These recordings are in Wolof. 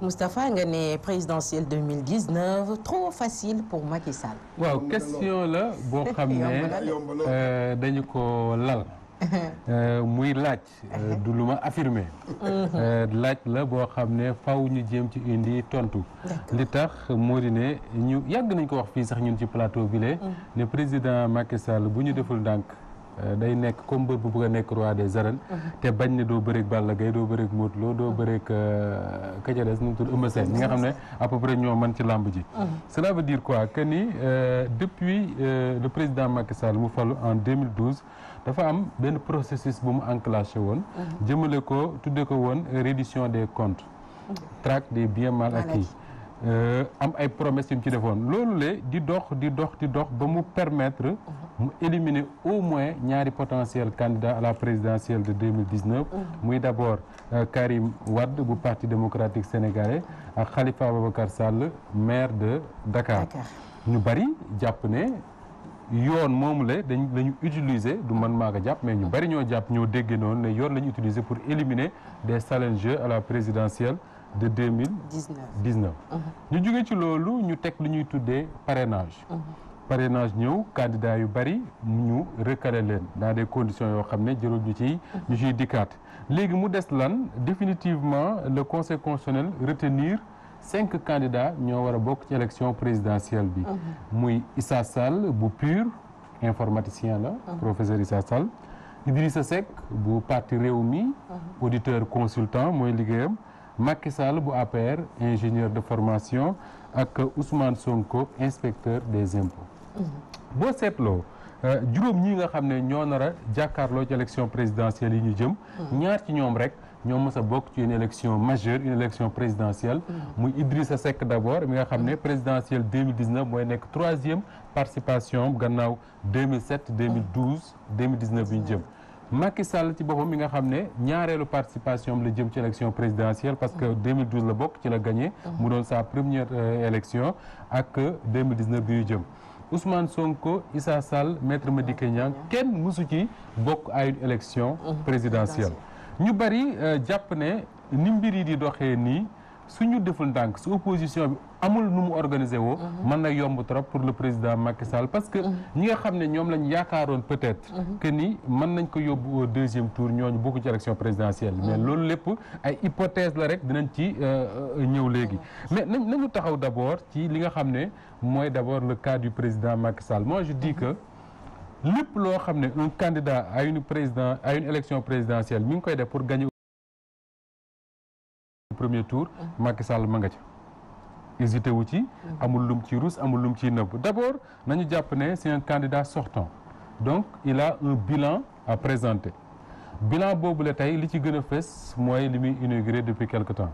Moustapha nga ne présidentielle 2019 trop facile pour Macky Sall. waaw question la boo xam ne euh, dañu ko lal. Euh, muy laaj euh, du lu ma affirmé mhm. laaj la boo xam ne faw ñu jéem ci indi tontu li tax moo ne ñu yàgg nañ ko wax fii sax ñun ci plateau bi le mhm. ne président Macky bu ñu deful ndànk Euh, day nekk comme mbër bu bëgg a nekk roi des arènes mhm. te bañ ne doo bëreeg Balla Gaye doo bëreeg Modou Lo doo mhm. bëreeg euh, Kacades nu mu tudd Eumeu Sène ñi nga xam ne à peu ñoo man ci làmb ji mhm. cela veut dire quoi que ni euh, depuis le président Macky Sall mu falu en 2012 dafa am benn processus bu mu enclenché woon jëmale ko tudde ko woon reddition des comptes traque des biens mal acquis am ay promesses yu mu ci defoon loolu le di dox di dox di dox ba mu permettre mu éliminer au moins ñaari potentiel candidat à la présidentielle de 2019 mm-hmm. muy d' abord euh, Karim wadd bu parti démocratique sénégalais ak Khalifa Ababacar Sall maire de Dakar ñu bari jàpp ne yoon moom la dañ la ñu utiliser du man maa jàpp mais ñu bari ñoo jàpp ñoo dégg noonu ne yoon la ñu utiliser pour éliminer des challengers à la présidentielle de 2019 ñu jóge ci loolu ñu teg lu ñuy tuddee parrainage mm-hmm. parrainage ñëw candidat yu bari ñu recalé leen dans des conditions yoo xam ne jërul ñu ciy ñu ciy dikkaat léegi mu des lan définitivement le conseil constitutionnel retenir cinq candidats ñoo war a bokk ci élection présidentielle bi mhm. muy Issa Sall bu PUR informaticien la mhm. professeur Issa Sall sa Seck bu parti Rewmi mhm. auditeur consultant mooy liggéeyam Macky Sall bu APR ingénieur de formation ak Ousmane Sonko inspecteur des impôts. boo seetloo euh, juróom ñi nga xam ne ñoo nar a jàkkaarloo ci élection présidentielle yi ñu jëm. ñaar ci ñoom rek. ñoo mës bokk ci une élection majeure une élection présidentielle mm. muy Idrissa Seck d'abord mi nga xam ne mm. présidentielle 2019 mooy nekk troisième participation gannaaw 2007 2012 2019 bi ñu jëm Macky Sall ci boppam bi nga xam ne ñaareelu participation la jëm ci élection présidentielle parce que 2012 mm-hmm. la bokk ci la gagné. Mm-hmm. mu doon sa première euh, élection ak 2019 bi ñu jëm. Ousmane Sonko Issa Sall ma Madické mm-hmm. Niang kenn mësu ci bokk ay élection présidentielle ñu bari euh, jàpp ne ni mbir yi di doxee nii. suñu deful ndànk su opposition bi amul nu mu organiser woo mhm. mën na yomb trop pour le président Macky Sall parce que mhm. ñi nga xam ne ñoom lañ yaakaaroon peut-être mhm. que ni mën nañ ko yóbbu au deuxième tour ñooñu bokku ci élection présidentielle mais loolu lépp ay hypothèse la rek dinañ ci euh, euh, ñëw léegi mais nañ nañu taxaw d'abord ci li nga xam ne mooy d'abord le cas du président Macky Sall moi je dis que lépp loo xam ne un candidat ay une président à une élection présidentielle mi ngi koy def pour gagner premier tour. Macky Sall ma nga ca. hésité wu ci. amul lum ci rus amul lum ci nëbb d' abord ñu jàpp ne c' est un candidat donc il a un bilan à présenter bilan boobu la tey li ci gën a fës mooy li muy inauguré depuis quelque temps.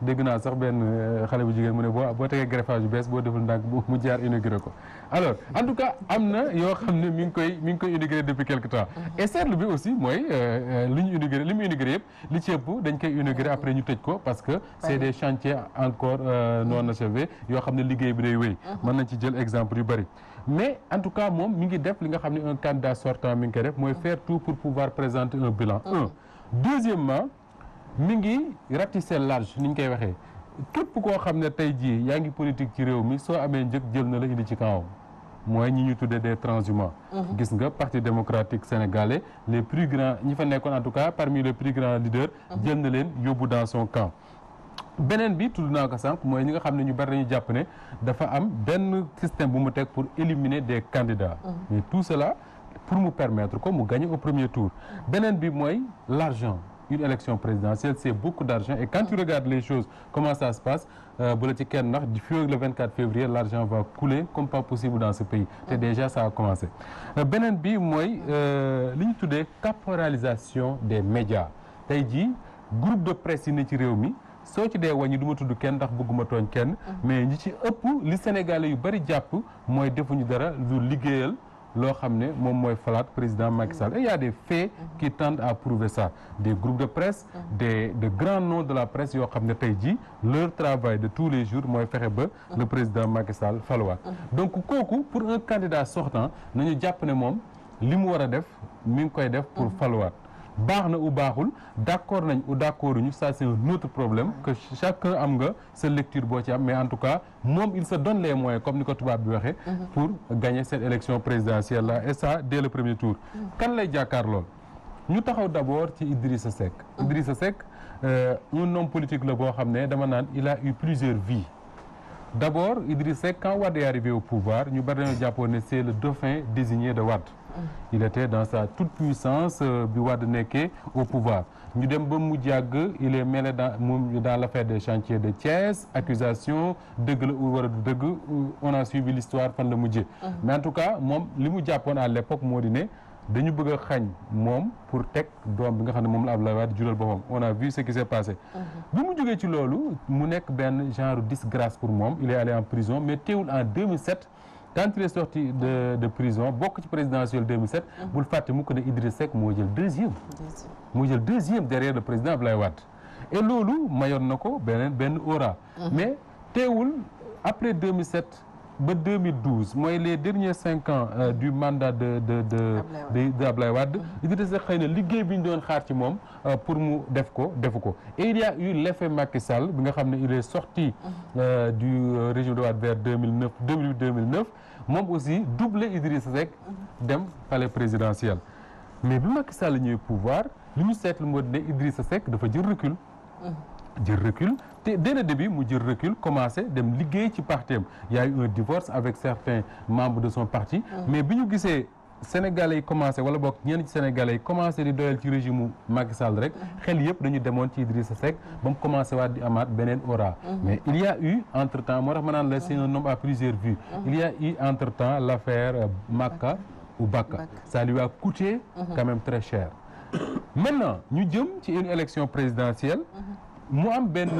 dégg naa sax benn euh, xale bu jigéen mu ne boo boo tegee greffage bees boo deful ndànk mu jaar inauguré ko alors en tout cas am na yoo xam ne mi ngi koy mi ngi koy inauguré depuis quelque temps mm-hmm. et seetlu bi aussi mooy euh, euh, li ñu inauguré li mu inauguré yëpp li ci ëpp dañ koy inauguré après ñu tëj ko parce que c'est des chantiers encore mm-hmm. non achevés yoo xam ne liggéey bi day wéy mm-hmm. mën nañ ci jël exemple yu bari mais en tout cas moom mi ngi def li nga xam ne un candidat sortant mi ngi koy def mooy faire tout pour pouvoir présenter un bilan un deuxièmement mi ngi ratisser large ni ñu koy waxee képp koo xam ne tey jii yaa ngi politique ci réew mi soo amee njëg jël na la indi ci kawam mooy ñi ñu tuddee des mhm. gis nga parti démocratique sénégalais les plus grands ñi fa nekkoon en tout cas parmi les plus grands leaders. Mhm. jël na leen yóbbu dans son beneen bi tudd naa ko sànq mooy ñi nga xam ne ñu bari nañu jàpp ne dafa am benn système bu mu teg pour éliminer des candidats. Mhm. mais tout cela pour mu permettre ko mu gagner au premier tour. beneen bi mooy l'argent une élection présidentielle c'est beaucoup d'argent et quand tu regardes les choses comment ça se passe euh, bu la ci kenn ndax di fii le 24 février l'argent va couler comme pas possible dans ce pays te déjà ça a commencé euh, beneen bi mooy euh, li ñu tuddee caporalisation des médias tey jii groupe de presse yi ne ci réew mi soo ci dee wàññi du duma tudd kenn ndax bëgguma tooñ kenn mm-hmm. mais ñi ci ëpp li Sénégalais yu bari jàpp mooy defuñu dara lu liggéeyal loo xam ne moom mooy falaat président Macky Sall et il y a des faits mhm. qui tendent à prouver ça des groupes de presse mhm. des de grands noms de la presse yoo xam ne tey jii leur travail de tous les jours mooy fexe ba mhm. le président Macky Sall faluwaat donc kooku pour un candidat na nañu jàpp ne moom li mu war a def mi ngi koy def pour faluwaat baax na u baaxul d'accord nañ ou d'accord ñu ça c'est un autre problème que chacun am nga sa lecture boo ci am mais en tout cas moom il se donne les moyens comme ni ko tubaab bi waxee mhm. pour gagner cette élection présidentielle là et ça dès le premier tour mhm. kan lay jàkkaar lool ñu taxaw d'abord ci Idrissa Seck mhm. Idrissa Seck euh, un homme politique la boo xam ne dama naan il a eu plusieurs vies d'abord Idrissa Seck quand Wade est arrivé au pouvoir ñu bari dañoo jàppoon ne c'est le dauphin désigné de Wade il était dans sa toute puissance euh, bi Wade nekkee au pouvoir ñu dem ba mu jàgg il est mêlé dans moom dans l'affaire des chantiers de Thiès accusation dëgg la ou war a dëgg on a suivi l'histoire fan la mujjee mais en tout cas moom li mu jàppoon à l'époque moo di ne dañu bëgg a xañ moom pour teg doom bi nga xam ne moom la Abdoulaye Wade jural boppam on a vu ce qui s'est passé bi mu jógee ci loolu mu nekk benn genre disgrâce pour moom il est allé en prison mais en quand il est sorti de de prison bokk ci présidentielle 2007. Mhm. bul fàtte mu ko ne moo jël deuxième. moo jël deuxième derrière le président Abdoulaye Wade. loolu mayoon na ko beneen benn aura. Mhm. mais teewul après 2007 ba 2012 mooy les derniers cinq ans euh, du mandat de de de de Abdoulaye Wade. Mhm. Idriss Seck xëy na liggéey bi ñu doon xaar ci moom euh, pour mu def ko defu ko et il y a eu l'effet bi nga xam ne il est sorti euh, du euh, régime de Wade vers 2009 2008 moom aussi doublé Idriss Seck dem palais présidentiel mais bi Macky Sall ñëwee pouvoir li ñu seetlu moo ne sa Seck dafa jël recul. jël recul te dès le début mu jël recul commencé dem liggéey ci parti am y a eu un divorce avec certains membres de son parti. Mm. mais bi ñu gisee Sénégalais yi commencé wala boog ñenn ci sénégale yi commencé di doyal ci régime mu Macky Sall rek mhm. xel yëpp dañu demoon ci Idrissa Seck ba mu commencé waat di amaat beneen aura mhm. mais il y a eu entre temps moo tax ma naan la c'est un homme à plusieurs vues mhm. il y eu entre temps l'affaire euh, Makka ou Bakka ça lui a coûté quand même très cher maintenant ñu jëm ci une élection présidentielle mu am benn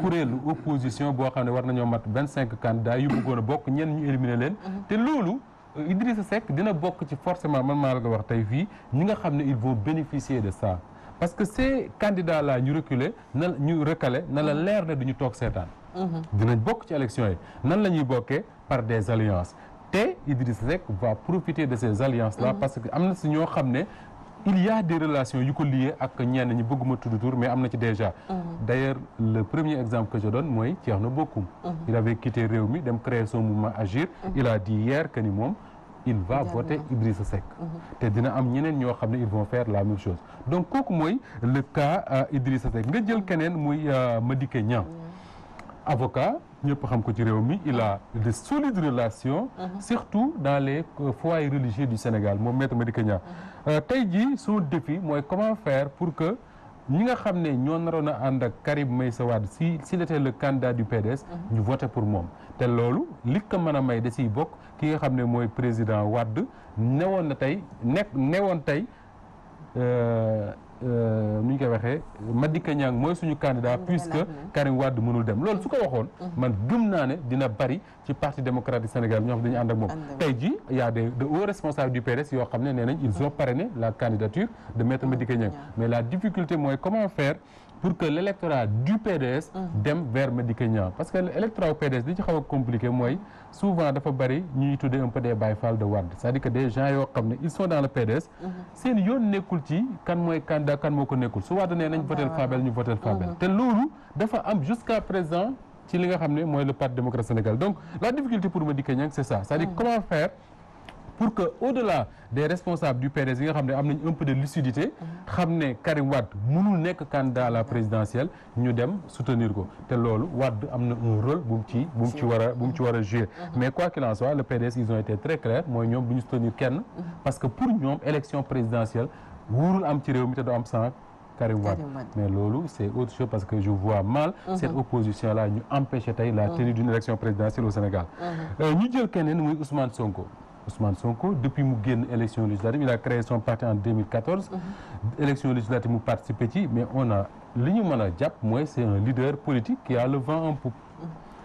kuréelu opposition boo xam ne war nañoo mat vingt cinq candidats yu bëggoon a bokk ñenn ñu éliminer leen te loolu Idrissa Seck dina bokk ci forcément man maa la ko wax tey fii ñi nga xam ne ils vont bénéficier de ça parce que ces candidats là ñu reculer na ñu recaler na la leer ne ñu toog seetaan. Mhm. dinañ bokk ci élection yi nan la ñuy bokkee par des alliances te Idrissa Seck va profiter de ces alliances là mhm. parce que am na si ñoo xam ne il y des relations yu ko liées ak ñenn ñi bëgguma tudd tur mais am na ci déjà mhm. d'ailleurs le premier exemple que je donne mooy Thierno Bocoum mhm. il avait réew mi dem créer son mouvement Agir mhm. il a di hier que ni moom il va voter Idrissa sec te dina am ñeneen ñoo xam ne il vont faire la même chose donc kooku mooy le cas euh, Idrissa Seck nga jël keneen muy euh, Madické Niang avocat ñëpp xam ko ci réew mi il a de solides relations uh-huh. surtout dans les euh, foyers religieux du Sénégal moom maître Madické Niang uh-huh. euh, tey jii son défi mooy comment faire pour que ñi nga xam ne ñoo naroon a ànd ak Karim Meïssa Wade si s'il était le candidat du PDS uh-huh. ñu voté pour moom te loolu li ko mën a may da siy bokk ki nga xam ne mooy président Wade newoon na tey nekk newoon tey euh, Euh, nu ñu koy waxee Madické Niang mooy suñu candidat puisque Karim Wade mënul dem loolu su ko waxoon mhm. man gëm naa ne dina bari ci parti démocratique Sénégal ñoo xam dañu ànd ak moom tey jii y a des de hauts responsables du PDS yoo xam ne nee nañ ils ont parrainé la candidature de maître ah, Madické Niang mais la difficulté mooy comment faire pour que l' électorat du PDS. Ah. dem vers Madické Niang parce que l'électorat au PDS li ci xaw a compliqué mooy souvent dafa bari ñuy tuddee un peu des de Wade cest dire que des gens yoo xam ne ils sont dans le PDS. Ah. seen yoon nekkul ci kan mooy candidat kan moo ko nekkul su Wade nee nañ votel ah. Fabel ñu votel Fabel te loolu dafa am jusqu'à présent ci li nga xam ne mooy le Parti démocrate sénégalais donc la difficulté pour Madické Niang c' est ça cest pour que au-delà des responsables du PDS yi nga xam ne am nañ un peu de lucidité xam ne Karim Wade mënul nekk candidat à la présidentielle ñu dem soutenir ko te loolu Wade am na un rôle bu mu ci bu mu ci war a bu mu ci war a jouer mais quoi qu'il en soit le PDS ils ont été très clairs mooy ñoom du ñu soutenir kenn parce que pour ñoom élection présidentielle wóorul am ci réew mi te du am mais loolu c'est autre chose parce que je vois mal mm -hmm. cette opposition tey la mhm. tenue d'une élection présidentielle au Sénégal mhm. euh, ñu jël keneen muy Ousmane Sonko Ousmane Sonko depuis mu génn élection législative il a créé son parti en 2014. Mhm. élection législative mu participé ci mais on a li ñu mën a jàpp mooy c'est un leader politique qui a le vent en poupe.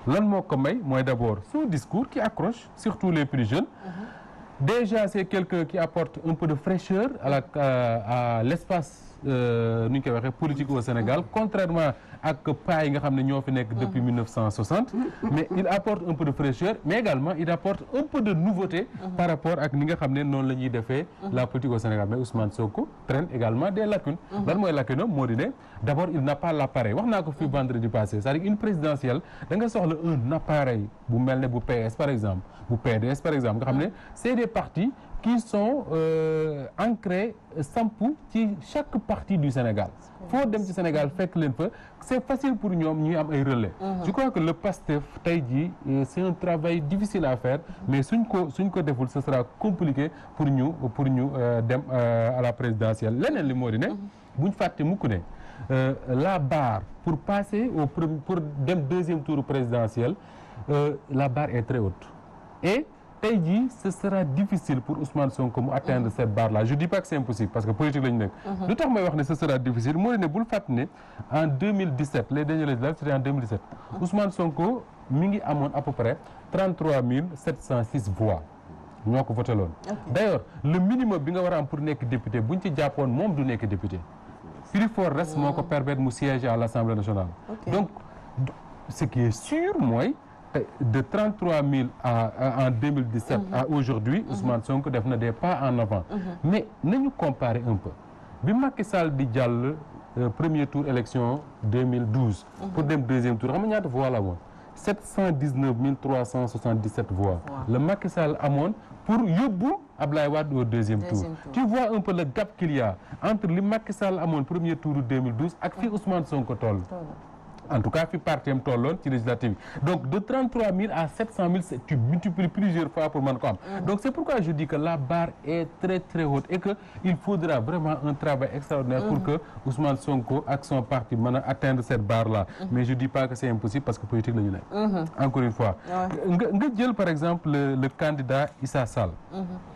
Mhm. lan moo ko may mooy d'abord son discours qui accroche surtout les plus jeunes. Mhm. déjà c'est quelqu'un qui apporte un peu de fraîcheur à la à, euh, à l'espace euh, nu ñu koy waxee politique au Sénégal contrairement. ak pas yi nga xam ne ñoo fi nekk depuis 1960 ah. mais il apporte un peu de fraîcheur mais également il apporte un peu de nouveauté ah. par rapport ak ni nga xam ne noonu la ñuy defee ah. la politique au Sénégal mais Ousmane Sonko traîne également des lacunes lan mooy lacune am moo di ne d' il n'a pas l'appareil wax naa ko fii vendredi passé c'est-à-dire une présidentielle da soxla un appareil bu mel ne bu PS par exemple bu PDS par exemple nga xam ne c'est des partis qui sont euh, ancrés sampu ci chaque partie du Sénégal foo dem ci Sénégal fekk leen fa c'est facile pour ñoom ñuy am ay relais uh-huh. je crois que le PASTEF tey jii euh, c'est un travail difficile à faire uh-huh. mais suñ ko suñ ko deful ce sera compliqué pour ñu pour ñu euh, dem euh, à la présidentielle leneen li moo di bu uh-huh. buñ fàtte mukk ne la barre pour passer au pour dem deuxième tour présidentiel euh, la barre est très haute tey jii ce sera difficile pour Ousmane Sonko mu atteindre cette barre là je dis pas que c'est impossible parce que politique la ñu nekk. Mhm. lu tax may wax ne ce sera difficile moo di ne bul fàtt ne en 2017 les dernières législatives c'était en 2017 mhm. Sonko mi ngi amoon à peu près 33 706 voix. ñoo ko voté loon d'ailleurs le minimum bi nga war a am pour nekk député buñ ci jàppoon moom du nekk député plus fort reste moo ko ah. permettre mu siéger à l'Assemblée nationale okay. donc ce qui mooy Eh, de 33 000 mille à, en 2017 mhm. à aujourd'hui mhm. Ousmane Sonko def na des pas en avant mhm. mais nañu comparer un peu bi Macky Sall di jàll euh, premier tour élection 2012 pour dem deuxième tour xam nga ñaata voix la woon 719 377 voix le Macky Sall amoon pour yóbbu Ablaye Wade au deuxième tour tu vois un peu le gap qu'il y a entre li Macky Sall amoon premier tour 2012 ak fii Ousmane Sonko toll en tout cas fi parti am tolloon ci législative bi donc de 33 000 à 700 000 tu plusieurs fois pour mën ko mm. donc c'est pourquoi je dis que la barre est très très haute et que il faudra vraiment un travail extraordinaire pour mm. que Ousmane Sonko ak son parti mën a atteindre cette barre là mm. mais je dis pas que c'est impossible parce que politique la ñu mm-hmm. encore une fois nga nga jël par exemple le candidat Issa Sall mm-hmm.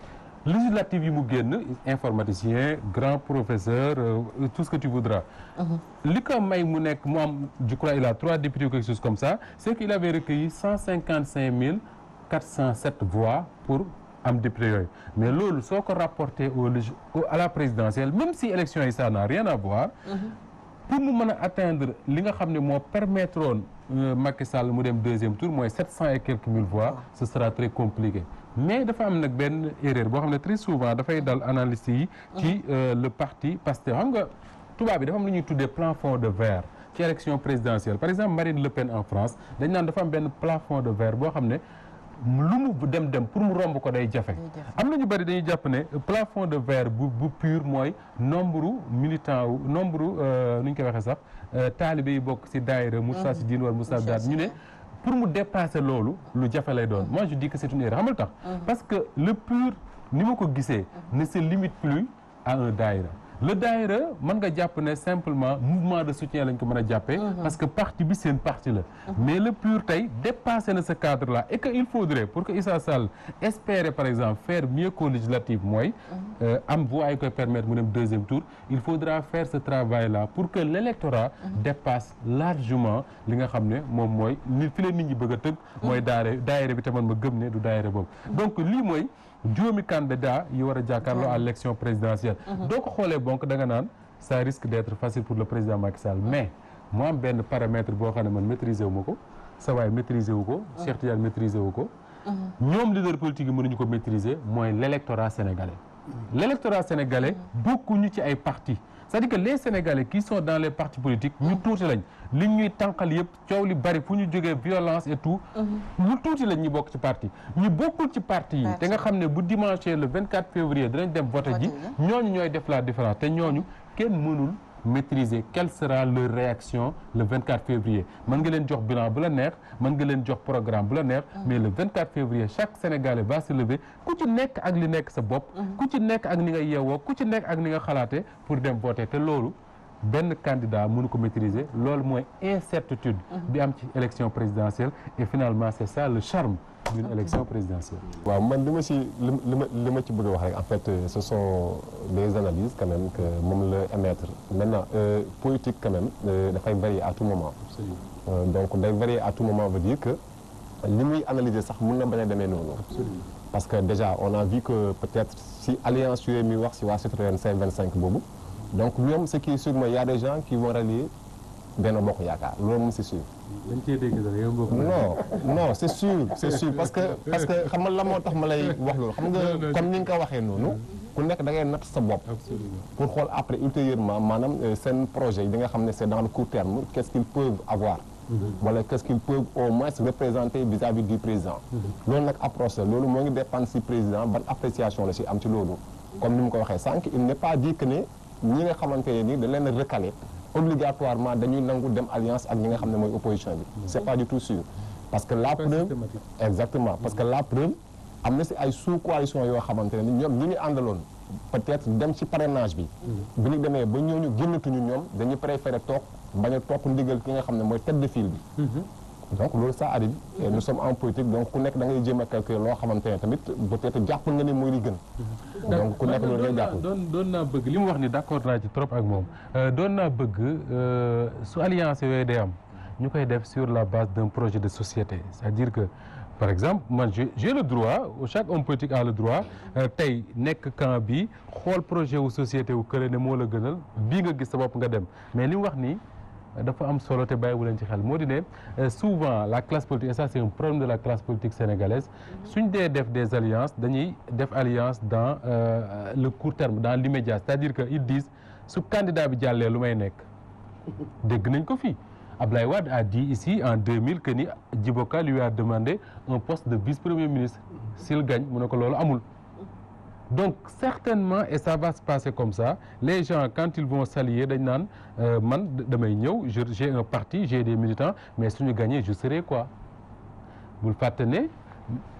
législative yi mu génn informaticien grand professeur euh, tout ce que tu voudras uh-huh. li ko may mu nekk mu am je il a trois députés ou quelque comme ça c'est qu'il avait recueilli cent cinquante cinq mille quatre cent sept voix pour am député yooyu mais loolu soo ko rapporté au à la présidentielle même si élection yi ça n'a rien à voir uh-huh. pour mu mën a atteindre li nga xam ne moo permettre woon euh, Macky Sall mu dem deuxième tour mooy sept cent et quelques mille voix ah. ce sera très compliqué mais dafa am nag benn erreur boo xam ne très souvent dafay dal analyste yi ci ah. euh, le parti parce que xam nga tubaab bi dafa am lu ñuy tuddee plafond de verre ci élection présidentielle par exemple Marine Le Pen en France dañ naan dafa am benn plafond de verre boo xam ne lu mu dem dem pour mu romb ko day jafe am na ñu bëri dañuy jàpp ne plafond de verre bu bu pur mooy nombre militant wu nombre euh, nu ñu koy waxee sax euh, taalibe yi bokk ci daayira mhm. Moussa si diin wala Moussa daat ñu ne pour mu dépasser loolu lu jafe lay doon moi dikk dis que c'est une erreur xamal tax mhm. parce que le pur ni ma ko gisee mhm. ne se limite plus à un daayira le daayira man nga jàpp ne simplement mouvement de soutien lañ ko mën a jàppee mhm. parce que parti bi seen parti la mhm. mais le PUR tey dépassé na ce cadre la et que il faudrait pour que Issa Sall espérer par exemple faire mieux qu'aux mooy mhm. euh, am voix ay koy permettre mu dem deuxième tour il faudra fair ce travail la pour que l'électorat dépasse largement li nga xam ne moom mooy ni fi la nit ñi bëgg a mooy daare daayira bi te ma gëm ne du daayira boobu donc lii mooy juróomi candidat yi war a jàkkaarloo à l'élection présidentielle mhm. Mhm. doo ko xoolee bonk da nga naan ça risque d'être facile pour le président Macky mais mu am benn paramètre boo xam ne man maîtriser wu ma ko Sawaay maîtriser wu ko Cheikh Tidiane maîtriser wu ko mhm. ñoom leader politique yi mënuñu ko maîtriser mooy l'électorat sénégalais l'électorat sénégalais bokkuñu ci ay parti c'est-à-dire que les Sénégalais qui sont dans les partis politiques ñu tuuti lañ li ñuy tànqal yëpp coow li bari fu ñu jógee violence et tout mhm. ñu tuuti lañ ñu bokk ci parti ñu bokkul ci parti yi te nga xam ne bu dimanche le 24 février dinañ dem vote ji ñooñu ñooy def la différence te ñooñu kenn mënul maitriser quel sera leur réaction le 24 février mën nga leen jox bilan bu la neex mën leen jox programme bu la neex ah. mais le 24 février chaque Sénégalais va se lever ku ci nekk ak li nekk sa bopp mm-hmm. ku ci nekk ak ni nga yeewoo ku ci nekk ak ni nga xalaatee pour dem voter te loolu benn candidat mënu ko maitriser loolu mooy incertitude mm-hmm. bi am ci élection présidentielle et finalement c'est ça le charme d'une élection présidentielle. waaw man li ma ci li ma li ma ci bëgg a wax rek en fait euh, ce sont les analyses que moom la émettre maintenant euh, politique quand même euh, dafay varier à tout moment. Euh, donc day varier à tout moment veut dire que li muy analyser sax mun na bañ a demee noonu. parce que déjà on a vu que peut-être si alliance yooyu muy wax si waa citoyenne 525 boobu donc ñoom ce qui est sûr gens qui vont rallier. benn bokk yaakaar loolu moom c'est sûr. non non c'est sûr c'est sûr parce que parce que xam nga la moo tax ma lay wax loolu xam nga comme ni nga ko waxee noonu. ku nekk da ngay natt sa bopp. pour xool après ultérieurement maanaam euh, seen projet yi nga xam ne c'est dans le court terme qu'est-ce qu'ils peuvent avoir. Mm-hmm. wala qu'est-ce qu'ils peuvent au moins représenter vis-à-vis du président. Mm-hmm. loolu nag approche la loolu moo ngi dépendre si président ban appréciation la si am ci loolu. comme ni mu ko waxee sànq il n'est nga xamante ne nii da leen a obligatoirement dañuy nangu dem alliance ak ñi nga xam ne mooy opposition bi mm-hmm. c'est pas du tout sûr parce que la preuve exactement parce que la mm-hmm. preuve am na si ay sous coalition yoo xamante ne ñoom ñi ñu àndaloon peut-être dem ci parrainage bi mm-hmm. bu ñu demee ba ñu génnatuñu ñoom dañu préféré toog bañ a topp ndigal ki nga xam ne mooy tête de file bi donc loolu ça arrive et nous sommes en politique donc ku nekk dangay ngay jéem a calculer loo xamante ne tamit peut-être jàpp nga ni mooy li gën donc ku nekk loolu ngay jàpp doon doon naa bëgg li mu wax ni d'accord naa ci trop ak moom euh, doon naa bëgg euh, su alliance yooyu day am ñu koy def sur la base d'un projet de société c'est-à-dire que par exemple man j'ai le droit chaque homme politique a le droit euh, tey nekk camp bi xool projet wu société wu kële ne moo la gënal bii nga gis sa bopp nga dem mais li mu wax nii dafa am solo te bàyyiwu leen ci xel moo di ne euh, souvent la classe politique et ça un problème de la classe politique sénégalaise mm-hmm. suñ dee def des alliances dañuy def alliance dans euh, le court terme dans l'immédiat c'est-à-dire que ils dis su candidat bi jàllee lu may nekk dégg nañ ko fii Ablaye Wade a dit ici en 2000 que ni Djiboka lui a demandé un poste de vice-premier ministre s'il gagne mu ne ko loolu amul donc certainement et ça va se passer comme ça les gens quand ils vont s'allier dañ naan euh, man damay ñëw je j'ai un parti j'ai des militants mais suñu gagné je serai quoi bul fàtte ne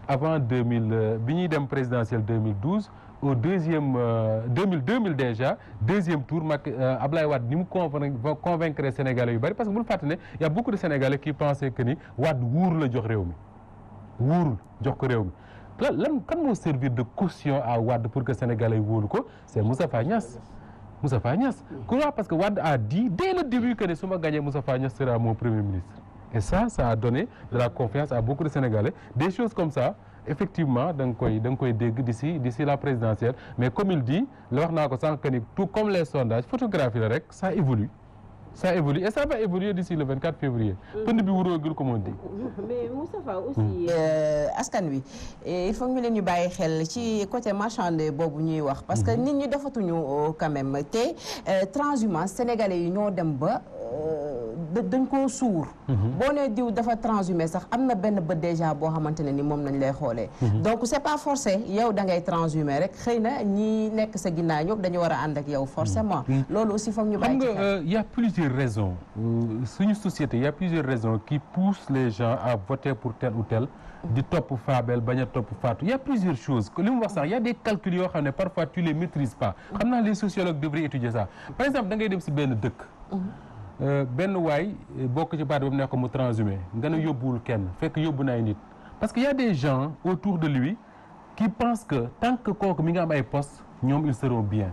avant 2000 euh, bi ñuy dem présidentielle 2012 au deuxième euh, 2000 2000 déjà deuxième tour mag euh, Ablaye Wade ni mu convaincre convaincre Sénégalais yu bari parce que bul fàtte ne y a beaucoup de Sénégalais qui pensaient que ni Wade wuur la jox réew mi wuurul jox ko réew mi lan lan kan moo servir de caution à Wade pour que sénégalais wóolu ko c' est Moustapha Niass Moustapha Niass pourquoi parce que Wade a dit dès le début que ne su ma gagné Moustapha Niass sera mon premier ministre et ça ça a donné de la confiance à beaucoup de sénégalais des choses comme ça effectivement da nga koy da di si dégg d'ici la présidentielle mais comme il dit la wax naa ko sànq ni tout comme les sondages photographie la rek ça évolue ça évolue et ça va évoluer d'ici le 24 février. pënd bi wuroogul comme on dit. mais Moustapha aussi. Hmm. Euh, askan wi eh, il faut ñu leen ñu bàyyi xel ci côté marchandé boobu ñuy wax. parce que hmm. nit ñi defatuñu euh, quand même te euh, transhumance sénégalais yi ñoo dem ba. dañ ko suur. Mhm. boo nee diw dafa transhumé sax am na benn bët déjà boo xamante ne ni moom nañ lay xoolee. Mhm. donc c'est pas forcé yow da ngay transhumé rek xëy na ñi nekk sa ginnaaw ñëpp dañu war a ànd ak yow forcément. Mhm. loolu aussi foog ñu bàyyi ci xel euh, a plusieurs raisons euh, suñu société y a plusieurs raisons qui poussent les gens à voter pour tel ou di topp Fabel bañ a topp Fatou y plusieurs choses li mu wax sax y a des yoo xam ne parfois tu les maîtrises pas ngay dem si benn dëkk. Euh, benn waay euh, bokk ci baat ba mu nekk mu transhumé nga ne yóbbuwul kenn fekk yóbbu na ay nit parce que y a des gens autour de lui qui pensent que tant que kooku mi nga am ay poste ñoom ils seront bien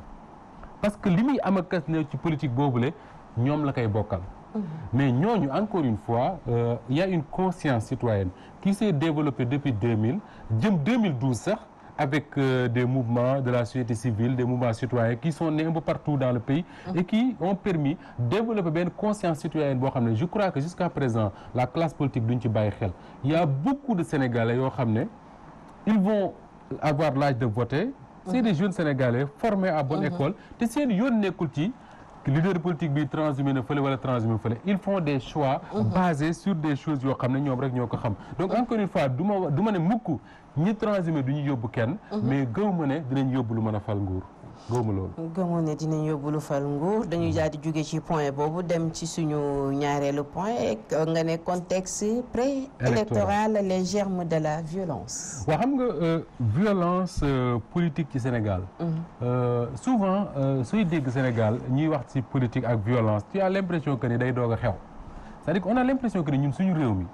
parce que li muy am ak kas ne ci politique le ñoom la koy bokkal mhm. mais ñooñu encore une fois euh, y a une conscience citoyenne ki s'est développée depuis 2000 jëm 2012 sax avec euh, des mouvements de la société civile des mouvements citoyens qui sont nés un peu partout dans le pays ah. et qui ont permis développer benn conscience citoyenne boo xam ne je crois que jusqu'à présent la classe politique duñ ci bàyyi xel il a beaucoup de Sénégalais yoo xam ne ils vont avoir l'âge de voter c'est ah. des jeunes Sénégalais formés à bonne ah. école te seen yoon nekkul ci leader politique bi transhumé na fële wala transhumé fële ils des choix basés sur des choses yoo xam ne ñoom rek ñoo ko xam donc encore une fois du ma ñi transhumé du ñu yóbbu kenn. Mhm. mais gëw ma ne dinañ yóbbu lu mën a fal nguur. gëmu loolu gëmoon ne dinañ yóbbu lu fal nguur dañuy mhm. daal di jóge ci point boobu dem ci suñu ñaareelu point euh, nga ne contexte pré électoral les germes de la violence waaw xam nga euh, violence euh, politique ci Sénégal mhm. souvent suy dégg Sénégal ñuy wax ci politique ak violence ci as l'impression que ni day doog a xew c'est-à-dire qu'on a l'impression que ni ñun suñu réew mi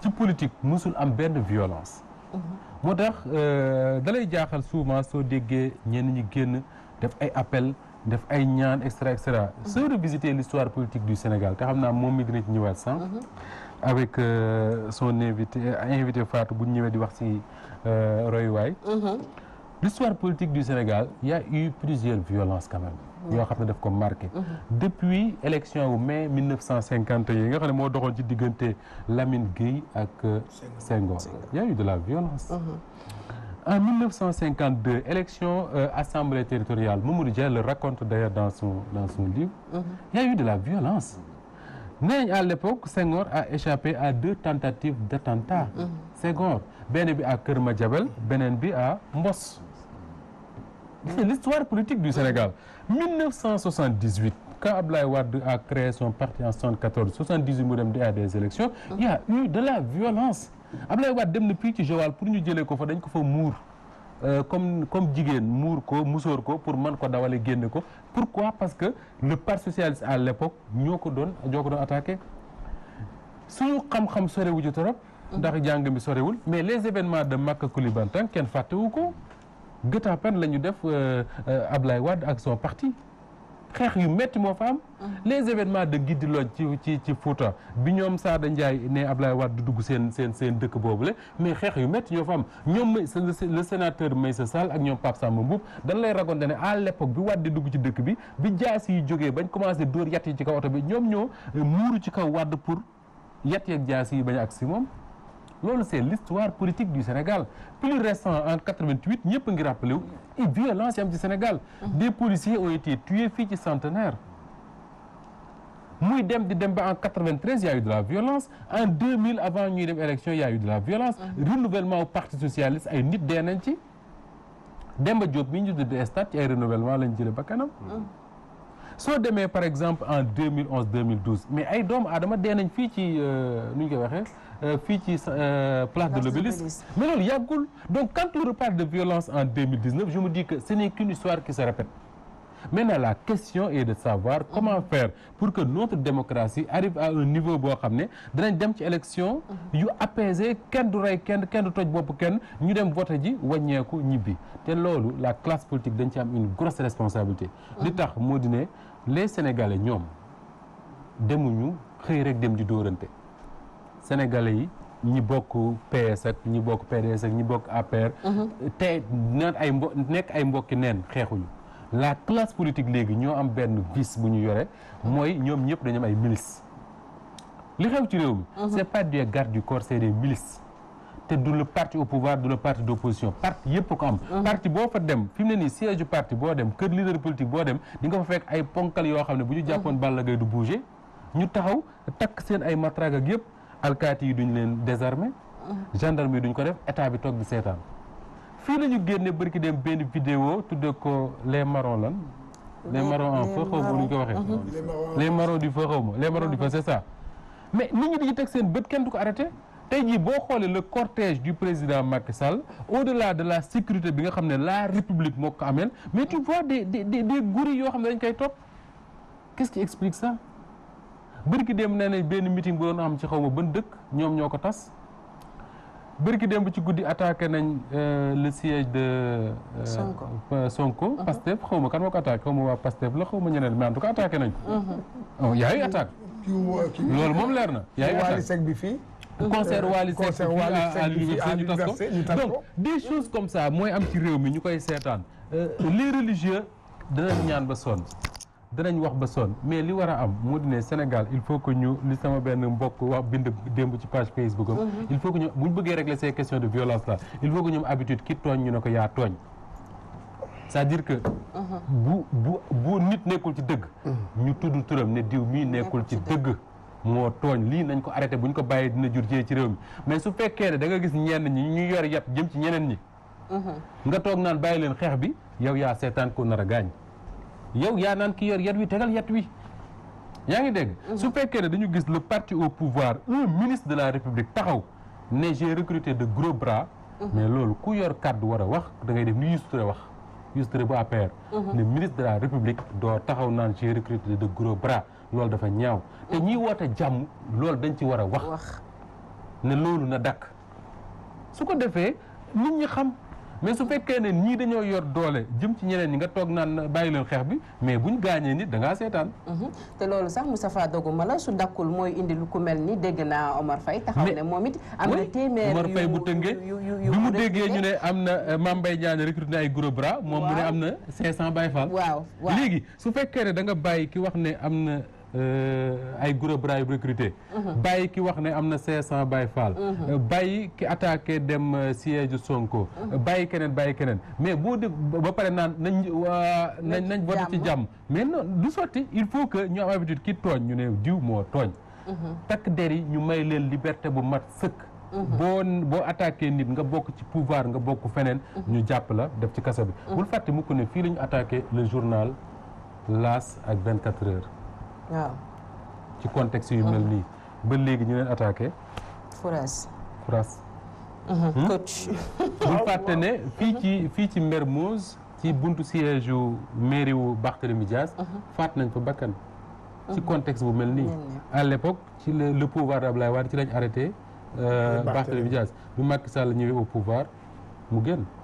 ci politique mosul am benn violence moo tax euh, dalay jaaxal souvent soo déggee ñenn ñi génn def ay appel def ay ñaan et cetera et cetera mm-hmm. soo revisiter l'histoire politique du Sénégal te xam naa moom mi dina ci ñëwaat sànq mm-hmm. avec euh, son invité euh, invité Fatou bu ñu ñëwee di wax ci euh, royuwaay mm-hmm. l'histoire politique du Sénégal y a eu plusieurs violences quand yoo xam ne daf ko marqué mhm. depuis élection wu mai 1951 yi nga xam ne moo doxoon ci diggante Lamine Gueye ak euh, Senghor y a de la violence mhm. en 1952 élection euh, assemblée territoriale Mamadou Dia le raconte d'ailleurs dans son dans son livre mhm. y a eu de la violence nañ à l'époque Senghor a échappé à deux tentatives d'attentat Senghor benn bi à Kër Madiabel beneen bi à Mboss l'histoire politique du Sénégal 1978 quand Ablaye Wade a créé son parti en 74 78 mu dem di à des élections il y a eu de la violence Ablaye Wade dem na fii ci Joal pour ñu jëlee ko fa dañ ko fa muur euh, comme comme jigéen muur ko musóor ko pour man ko dawale génne ko pourquoi parce que le parti socialiste à l'époque ñoo ko doon ñoo ko doon attaqué suñu xam-xam sorewu ci torop ndax jàng mi sorewul mais les événements de Maka Koulibantang kenn fàttewu ko guet-apens la ñu def euh, euh, Ablaye wadd ak son parti xeex yu métti moo fa am. Mm. les événements de Gidi Lodj ci ci ci Fouta bi ñoom Sada Ndiaye ne Ablaye Wade du dugg seen seen seen dëkk boobule mais xeex yu métti ñoo fa am ñoom le sénateur Meïssa Sall ak ñoom Pape Samba Mboup dañ lay raconter ne à l'époque bi Wade di dugg ci dëkk bi bi jaas yi jógee bañ commencé dóor yat yi ci kaw oto bi ñoom ñoo euh, muuru ci kaw Wade pour yat yeeg jaas yi bañ ak si moom. loolu c' est l'histoire politique du Sénégal plus récent en 88 ñëpp ngi rappelé violence yi am ci Sénégal mm-hmm. des policiers ont été tués fii ci centenaire muy dem di dem ba en 93 y a eu de la violence en avant ñuy dem élection y a de la violence mm-hmm. renouvellement au parti socialiste ay nit dee nañ ci Demba Diop mi ñu de stade ci ay renouvellement lañ jëlee ba kanam mm-hmm. soo demee par exemple en 2011 2012 mais ay doomu aadama dee nañ fii ci euh, nu ñu koy waxee euh, fii ci euh, place de l'Obélisque mais yàggul donc quand on reparle de violence en 2019 je me dis que ce n'est qu'une histoire qui se répète maintenant la question est de savoir comment mm-hmm. faire pour que notre démocratie arrive à un niveau boo xam ne danañ dem ci élection mm-hmm. yu apaisé kenn du rey kenn kenn du toj bopp kenn ñu dem vote ji wàññeeku ñibbi te loolu la classe politique dañ ci am une grosse responsabilité li mm-hmm. tax moo di les sénégalais ñoom demuñu xëy rek dem di dóorante sénégalais yi ñi bokk PS ak ñi bokk PDS ak ñi bokk APR. Mhm. te ay mbo nekk ay mbokki neen xeexuñu la classe politique léegi ñoo am benn vice bu ñu yore mooy ñoom ñëpp dañu ay milices li xew ci réew mi. Mhm. c'est pas des gardes du corps c'est des milices. te du le parti au pouvoir du le parti d' opposition parti yëpp ko am parti boo fa dem fi ne nii siège parti boo dem kër leader politique boo dem di nga fa fekk ay ponkal yoo xam ne bu ñu jàppoon Balla Gaye du bouger ñu taxaw takk seen ay matraque ak yëpp alkaati yi duñ leen désarmé gendarme yi duñ ko def état bi toog di seetaan fii la ñu génne bërki dem benn vidéo tudde ko les marrons lan les marrons en feu xaw ma nu ñu ko waxee les marrons du feu xaw ma les marrons du mais nit teg seen bët kenn du ko arrêté tey jii boo xoolee le cortège du président Macky Sall au-delà de la sécurité bi nga xam ne la république moo ko ameel mais tu fois des des guri gouri yoo xam ne dañ koy topp qu'est-ce qui explique ça bërki démb nee nañ benn meeting bu doon am ci xaw ma ban dëkk ñoom ñoo ko tas dem ba ci guddi attaqué nañ euh, le siège de euh, Sonko uh-huh. Pastef xaw ma kan moo ko attaqué xaw ma waa Pastef la xaw ma ñeneen mais en tout nañ ko uh-huh. oh, yaayu attaque loolu moom leer na yaayu fii concert Wally Seck à l'université ñu tas ko donc des choses comme ça mooy am ci réew mi ñu koy seetaan euh, les religieux danañ ñaan ba sonn danañu wax ba sonn mais li war a am moo di ne Sénégal il faut que ñu li sama benn mbokk wax bind démb ci page Facebook am mhm. il faut que ñu bu ñu bëggee régler ces questions de violence là il faut que ñoom habitude ki tooñ ñu ne ko yaa tooñ cest dire que mhm. bu bu bu nit nekkul ci dëgg mhm. ñu tudd turam ne diw mii nekkul ci dëgg moo tooñ lii nañ ko arrêté bu ñu ko bàyyee dina jur jee ci réew mi mais su fekkee ne danga gis ñenn ñi ñu yor yàpp jëm ci ñeneen ñi mhm. nga toog naan bàyyi leen xeex bi yow yaa seetaan ko nar a gaañ yow yaa naan ki yor yet wi tegal yet wi yaa ngi dégg mhm. su fekkee ne dañu gis le parti au pouvoir un ministre de la république taxaw ne j'ai recruté de gros bras mhm. mais loolu ku yor kàddu war a wax da ngay def ni Youssou Touré wax Youssou Touré bu APR ne ministre de la république doo taxaw naan j'ai recruté de gros bras loolu dafa ñaaw te ñiy woote jàmm loolu dañ ci war a wax ne loolu na dakk su ko defee nit ñi xam mais su fekkee ne ñii dañoo yor doole jëm ci ñeneen ñi nga toog naan bàyyi leen xeex bi mais buñ gaañee nit da ngaa seetaan. Mhm. te loolu sax Moustapha doguma la su dakkul mooy indi lu ku mel ni dégg naa Omar Faye taxaw ne moom it am na téeméer Omar Faye bu tëngee bi mu déggee ñu ne am na euh, Mame Mbaye Niang recruté na ay gros bras moom mu ne am na 500 Baye Fall. waaw waaw léegi ki wax ne am na. Euh, ay groupe braay recruté mhm. bàyyi ki wax ne am na 500 Baye Fall bàyyi ki attaqué dem euh, siège Sonko mhm. bàyyi keneen bàyyi keneen mais boo de ba pare naan nañ nañ nañ voté ci jàmm mais non du sotti il faut que ñoo am habitude ki tooñ ñu ne diw moo tooñ mhm. takk der yi ñu may leen liberté bu mat sëkk boo boo attaqué nit nga bokk ci pouvoir nga bokk feneen ñu jàpp la def ci kaso bi bul fàtte mukk ne fii lañu ñu le journal L'As ak 24 heures waaw ci contexte yu mel nii ba léegi ñu leen attaque Fouras. Fouras. Mhm. Hmm? coach. bu fàtte ne fii ci fii ci Mermoz ci buntu siège yu mairie wu Barthélemy Diaz. Mhm. faat nañ fa bakkan. ci mhm. contexte bu mel nii. à l'époque ci le le pouvoir d'Abdoulaye Wade ci lañ arrêté. Euh, Barthélemy Diaz bu Macky Sall ñëwee au pouvoir mu génn.